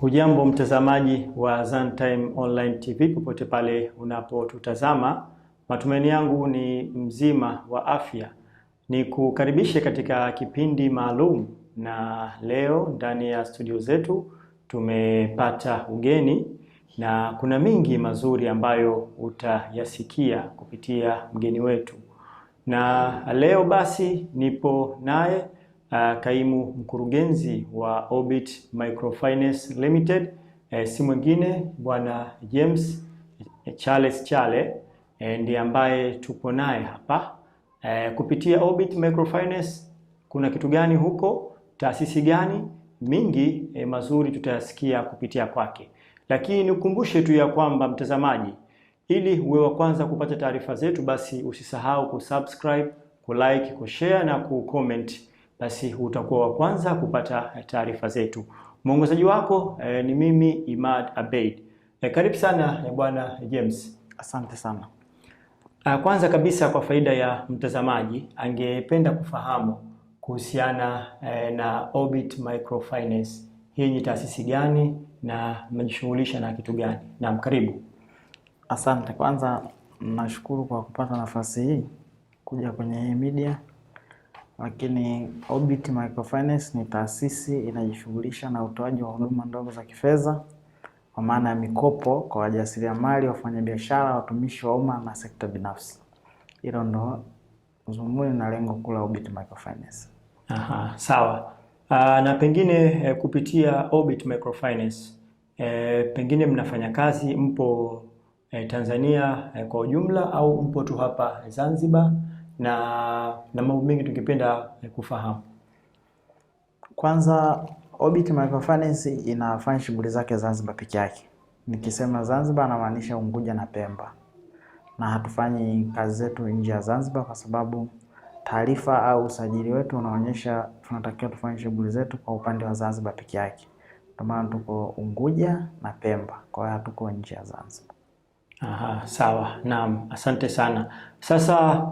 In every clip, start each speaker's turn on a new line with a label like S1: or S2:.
S1: Hujambo mtazamaji wa Zantime Online TV popote pale unapotutazama, matumaini yangu ni mzima wa afya. Ni kukaribishe katika kipindi maalum, na leo ndani ya studio zetu tumepata ugeni na kuna mingi mazuri ambayo utayasikia kupitia mgeni wetu, na leo basi nipo naye uh, kaimu mkurugenzi wa Orbit Microfinance Limited e, si mwingine bwana James Charles Chale e, ndiye ambaye tupo naye hapa e, kupitia Orbit Microfinance kuna kitu gani huko, taasisi gani mingi e, mazuri tutayasikia kupitia kwake, lakini nikukumbushe tu ya kwamba mtazamaji, ili uwe wa kwanza kupata taarifa zetu, basi usisahau kusubscribe, kulike, kushare na kucomment basi utakuwa wa kwanza kupata eh, taarifa zetu. Mwongozaji wako eh, ni mimi Imad Abeid. Eh, karibu sana eh, Bwana James.
S2: Asante sana.
S1: Ah, kwanza kabisa kwa faida ya mtazamaji, angependa kufahamu kuhusiana eh, na Orbit Microfinance. Hii ni taasisi gani na mnajishughulisha na kitu gani? Naam, karibu.
S2: Asante. Kwanza nashukuru kwa kupata nafasi hii kuja kwenye media lakini Orbit Microfinance ni taasisi inajishughulisha na utoaji wa huduma ndogo za kifedha kwa maana ya mikopo kwa wajasiriamali, wafanyabiashara, watumishi wa umma na sekta binafsi. Hilo ndo zumuni na lengo kuu la Orbit Microfinance.
S1: Aha, sawa. Aa, ah, na pengine eh, kupitia Orbit Microfinance eh, pengine mnafanya kazi mpo eh, Tanzania eh, kwa ujumla au mpo tu hapa Zanzibar? na na mambo mengi tungependa eh, kufahamu.
S2: Kwanza, Orbit Microfinance inafanya shughuli zake Zanzibar peke yake. Nikisema Zanzibar anamaanisha Unguja na Pemba, na hatufanyi kazi zetu nje ya Zanzibar kwa sababu taarifa au usajili wetu unaonyesha tunatakiwa tufanye shughuli zetu kwa upande wa Zanzibar peke yake. Kwa maana tuko Unguja na Pemba, kwa hiyo hatuko nje ya Zanzibar.
S1: Aha, sawa. Naam, asante sana. Sasa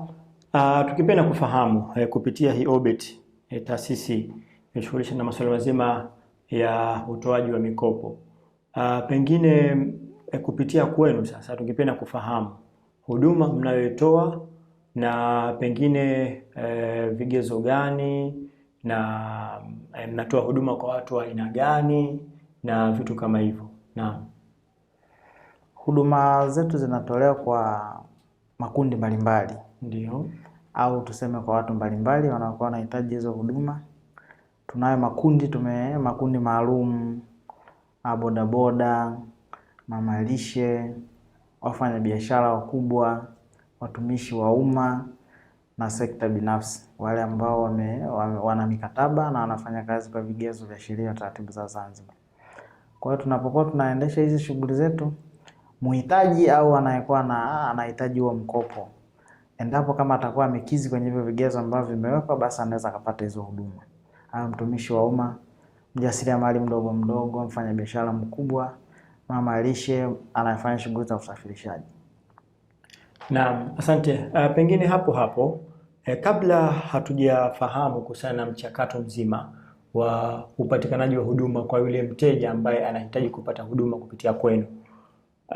S1: Uh, tukipenda kufahamu eh, kupitia hii orbit eh, taasisi inashughulisha na masuala mazima ya utoaji wa mikopo. Uh, pengine eh, kupitia kwenu sasa tungependa kufahamu huduma mnayoitoa na pengine eh, vigezo gani na eh, mnatoa huduma kwa watu wa aina gani na vitu kama hivyo. Naam.
S2: Huduma zetu zinatolewa kwa makundi mbalimbali ndio, au tuseme kwa watu mbalimbali wanaokuwa wanahitaji hizo huduma. Tunayo makundi tume makundi maalum, bodaboda, mamalishe, wafanyabiashara wakubwa, watumishi wa umma na sekta binafsi, wale ambao wame, wame, wana mikataba na wanafanya kazi kwa vigezo vya sheria na taratibu za Zanzibar. Kwa hiyo tunapokuwa tunaendesha hizi shughuli zetu, muhitaji au anayekuwa na anahitaji huo mkopo endapo kama atakuwa amekizi kwenye hivyo vigezo ambavyo vimewekwa, basi anaweza akapata hizo huduma. Awe mtumishi wa umma, mjasiriamali mdogo mdogo, mfanya biashara mkubwa, mama alishe, anafanya shughuli za usafirishaji.
S1: Naam, asante. Uh, pengine hapo hapo eh, kabla hatujafahamu kuhusiana na mchakato mzima wa upatikanaji wa huduma kwa yule mteja ambaye anahitaji kupata huduma kupitia kwenu,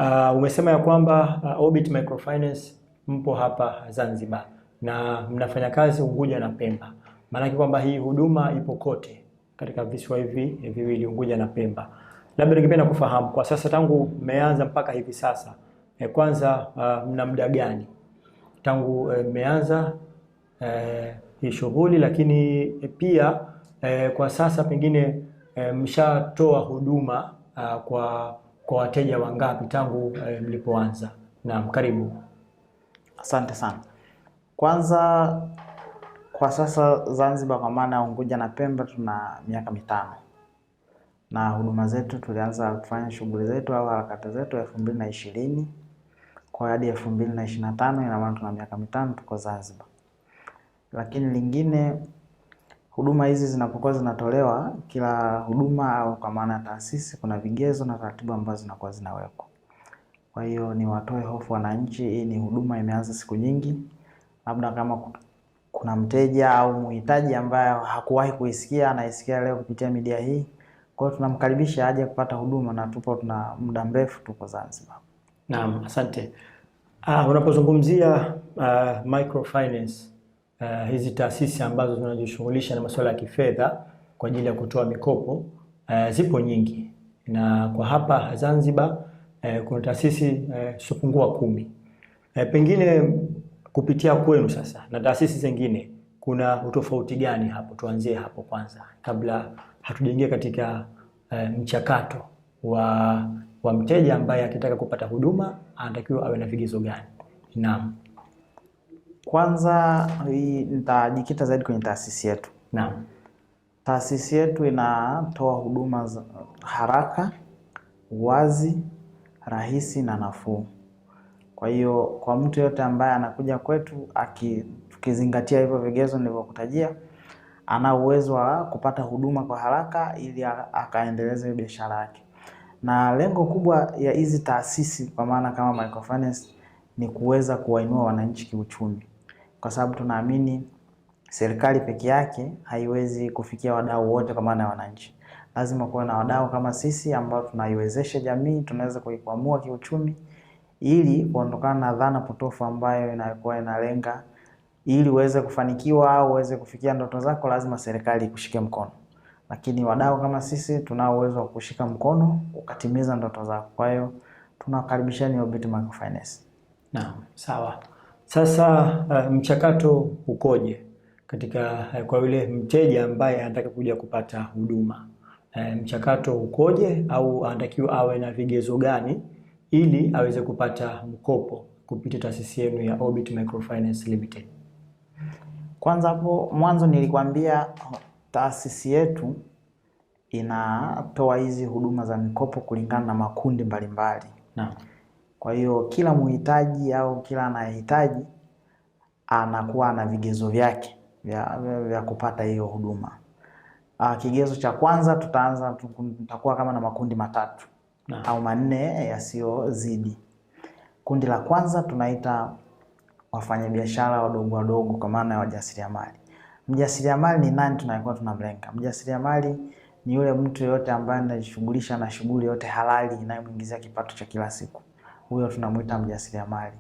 S1: uh, umesema ya kwamba uh, Orbit Microfinance mpo hapa Zanzibar na mnafanya kazi Unguja na Pemba, maanake kwamba hii huduma ipo kote katika visiwa hivi viwili Unguja na Pemba. Labda ningependa kufahamu kwa sasa, tangu mmeanza mpaka hivi sasa e, kwanza uh, mna muda gani tangu eh, mmeanza e, uh, hii shughuli, lakini eh, pia e, kwa sasa pengine e, mshatoa huduma uh, kwa kwa wateja wangapi tangu uh, mlipoanza? Naam, karibu.
S2: Asante sana. Kwanza kwa sasa Zanzibar kwa maana ya Unguja na Pemba tuna miaka mitano na huduma zetu tulianza kufanya shughuli zetu au harakati zetu elfu mbili na ishirini kwa hadi elfu mbili na ishirini na tano ina maana tuna miaka mitano tuko Zanzibar. Lakini lingine, huduma hizi zinapokuwa zinatolewa, kila huduma au kwa maana ya taasisi, kuna vigezo na taratibu ambazo zinakuwa zinawekwa. Kwa hiyo niwatoe hofu wananchi, hii ni huduma imeanza siku nyingi, labda kama kuna mteja au muhitaji ambaye hakuwahi kuisikia anaisikia leo kupitia media hii. Kwa hiyo tunamkaribisha aje kupata huduma na tupo tuna muda mrefu tuko Zanzibar.
S1: Naam, asante. Uh, unapozungumzia uh, microfinance uh, hizi taasisi ambazo zinajishughulisha na masuala ya kifedha kwa ajili ya kutoa mikopo uh, zipo nyingi na kwa hapa Zanzibar eh, kuna taasisi eh, kumi eh, pengine kupitia kwenu sasa na taasisi zingine kuna utofauti gani hapo? Tuanzie hapo kwanza kabla hatujaingia katika eh, mchakato wa, wa mteja ambaye akitaka kupata huduma anatakiwa awe na vigezo gani? Naam.
S2: Kwanza nitajikita zaidi kwenye taasisi yetu. Naam. Taasisi yetu inatoa huduma haraka, wazi rahisi na nafuu. Kwa hiyo kwa mtu yote ambaye anakuja kwetu akizingatia tukizingatia hivyo vigezo nilivyokutajia, ana uwezo wa kupata huduma kwa haraka ili akaendeleze biashara yake. Na lengo kubwa ya hizi taasisi kwa maana kama microfinance ni kuweza kuwainua wananchi kiuchumi, kwa sababu tunaamini serikali peke yake haiwezi kufikia wadau wote kwa maana ya wananchi lazima kuwe na wadau kama sisi ambao tunaiwezesha jamii, tunaweza kuikwamua kiuchumi ili kuondokana na dhana potofu ambayo inakuwa inalenga ili uweze kufanikiwa au uweze kufikia ndoto zako, lazima serikali ikushike mkono. Lakini wadau kama sisi tunao uwezo wa kushika mkono ukatimiza ndoto zako. Kwa hiyo tunakaribishani Orbit Microfinance.
S1: Naam, sawa. Sasa uh, mchakato ukoje katika uh, kwa yule mteja ambaye anataka kuja kupata huduma? e, mchakato ukoje au anatakiwa awe na vigezo gani ili aweze kupata mkopo kupitia taasisi yenu ya Orbit Microfinance Limited?
S2: Kwanza hapo mwanzo nilikwambia taasisi yetu inatoa hizi huduma za mikopo kulingana na makundi mbalimbali na. Kwa hiyo kila muhitaji au kila anayehitaji anakuwa na vigezo vyake vya, vya kupata hiyo huduma uh, kigezo cha kwanza tutaanza tutakuwa kama na makundi matatu na au manne yasiyozidi. Kundi la kwanza tunaita wafanyabiashara wadogo wadogo, kwa maana ya wajasiriamali. Mjasiriamali ni nani tunayekuwa tunamlenga? Mjasiriamali ni yule mtu yoyote ambaye anajishughulisha na shughuli yote halali inayomuingizia kipato cha kila siku, huyo tunamwita mjasiriamali.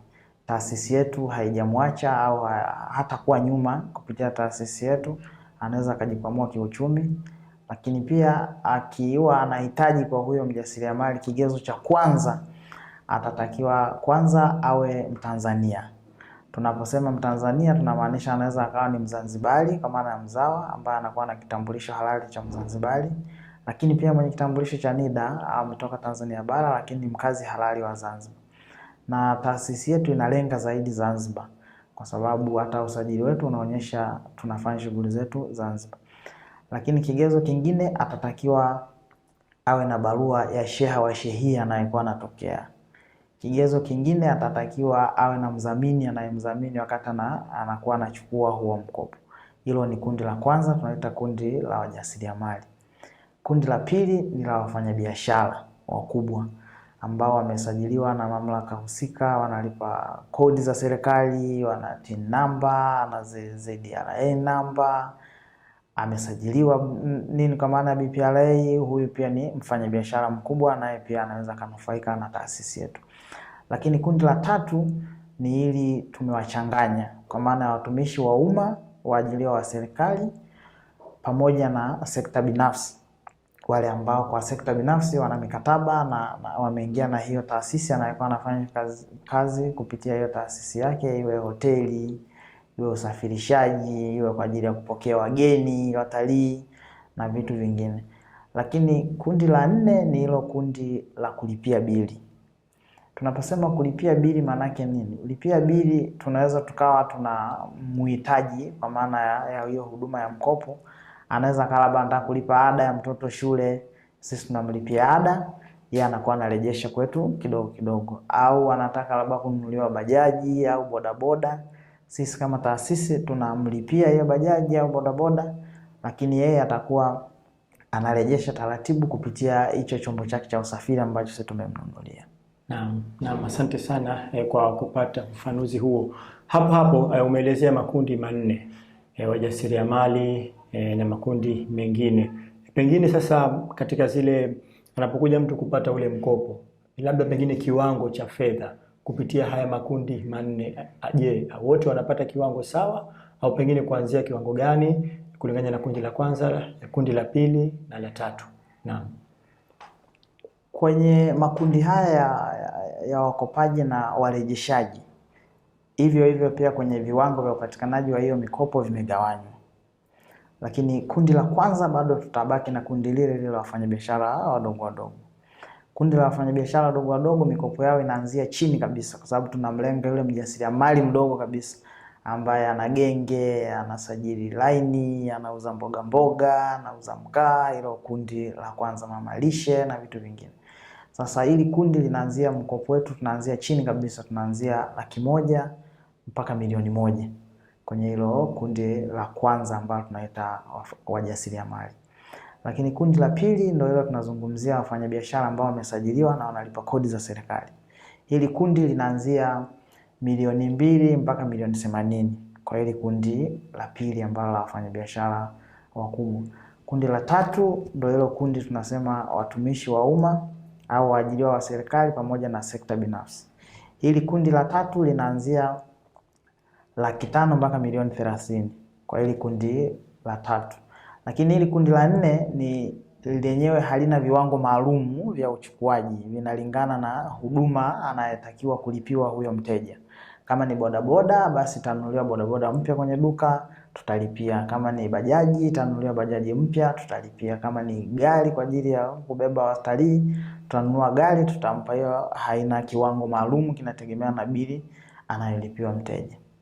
S2: Taasisi yetu haijamwacha au hatakuwa nyuma kupitia taasisi yetu anaweza akajikwamua kiuchumi, lakini pia akiwa anahitaji kwa huyo mjasiriamali, kigezo cha kwanza atatakiwa kwanza awe Mtanzania. Tunaposema Mtanzania tunamaanisha anaweza akawa ni Mzanzibari kwa maana ya mzawa, ambaye anakuwa na kitambulisho halali cha Mzanzibari, lakini pia mwenye kitambulisho cha NIDA ametoka Tanzania bara, lakini ni mkazi halali wa Zanzibar, na taasisi yetu inalenga zaidi Zanzibar kwa sababu hata usajili wetu unaonyesha tunafanya shughuli zetu Zanzibar. Lakini kigezo kingine atatakiwa awe na barua ya sheha wa shehia anayekuwa anatokea. Kigezo kingine atatakiwa awe na mdhamini anayemdhamini wakati na anakuwa anachukua huo mkopo. Hilo ni kundi la kwanza, tunaita kundi la wajasiriamali. Kundi la pili ni la wafanyabiashara wakubwa ambao wamesajiliwa na mamlaka husika, wanalipa kodi za serikali, wana TIN namba na ZDRA namba, amesajiliwa nini, kwa maana ya BPRA. Huyu pia ni mfanyabiashara mkubwa, naye pia anaweza akanufaika na taasisi yetu. Lakini kundi la tatu ni ili tumewachanganya kwa maana ya watumishi wa umma, waajiliwa wa serikali pamoja na sekta binafsi wale ambao kwa sekta binafsi wana mikataba na, na wameingia na hiyo taasisi anayekuwa anafanya kazi, kazi kupitia hiyo taasisi yake, iwe hoteli, iwe usafirishaji, iwe kwa ajili ya kupokea wageni, watalii na vitu vingine. Lakini kundi la nne ni hilo kundi la kulipia bili. Tunaposema kulipia bili yake nini? Lipia bili tunaweza tukawa tuna mhitaji kwa maana ya hiyo huduma ya mkopo anaweza kalaba anataka kulipa ada ya mtoto shule, sisi tunamlipia ada, yeye anakuwa anarejesha kwetu kidogo kidogo, au anataka labda kununuliwa bajaji au bodaboda, sisi kama taasisi tunamlipia hiyo bajaji au bodaboda, lakini yeye atakuwa anarejesha taratibu kupitia hicho chombo chake cha usafiri ambacho sisi tumemnunulia.
S1: Naam, naam, asante sana eh, kwa kupata ufanuzi huo. Hapo hapo eh, umeelezea makundi manne eh, wajasiriamali e, na makundi mengine. Pengine sasa katika zile anapokuja mtu kupata ule mkopo, labda pengine kiwango cha fedha kupitia haya makundi manne, je, wote wanapata kiwango sawa au pengine kuanzia kiwango gani kulingana na kundi la kwanza, la kundi la pili na la tatu? Naam.
S2: Kwenye makundi haya ya, ya wakopaji na warejeshaji, hivyo hivyo pia kwenye viwango vya upatikanaji wa hiyo mikopo vimegawanywa. Lakini kundi la kwanza bado tutabaki na kundi lile lile la wafanyabiashara wadogo wadogo. Kundi la wafanyabiashara wadogo wadogo mikopo yao inaanzia chini kabisa, kwa sababu tunamlenga yule mjasiriamali mdogo kabisa ambaye ana genge, anasajili laini, anauza mboga mboga, anauza mkaa, hilo kundi la kwanza, mama lishe na vitu vingine. Sasa hili kundi linaanzia, mkopo wetu tunaanzia chini kabisa, tunaanzia laki moja mpaka milioni moja kwenye hilo kundi la kwanza ambalo tunaita wajasiriamali. Lakini kundi la pili ndio hilo tunazungumzia wafanyabiashara ambao wamesajiliwa na wanalipa kodi za serikali. Hili kundi linaanzia milioni mbili mpaka milioni themanini kwa hili kundi la pili ambalo la wafanyabiashara wakubwa. Kundi la tatu ndio hilo kundi tunasema watumishi wa umma au waajiriwa wa serikali pamoja na sekta binafsi. Hili kundi la tatu linaanzia laki tano mpaka milioni thelathini kwa hili kundi la tatu, lakini hili kundi la nne ni lenyewe halina viwango maalum vya uchukuaji, vinalingana na huduma anayetakiwa kulipiwa huyo mteja. Kama ni bodaboda, basi tanunuliwa bodaboda mpya kwenye duka tutalipia. Kama ni bajaji, tanunuliwa bajaji mpya tutalipia. Kama ni gari kwa ajili ya kubeba watalii, tutanunua gari tutampa. Hiyo haina kiwango maalum, kinategemea na bili anayolipiwa mteja.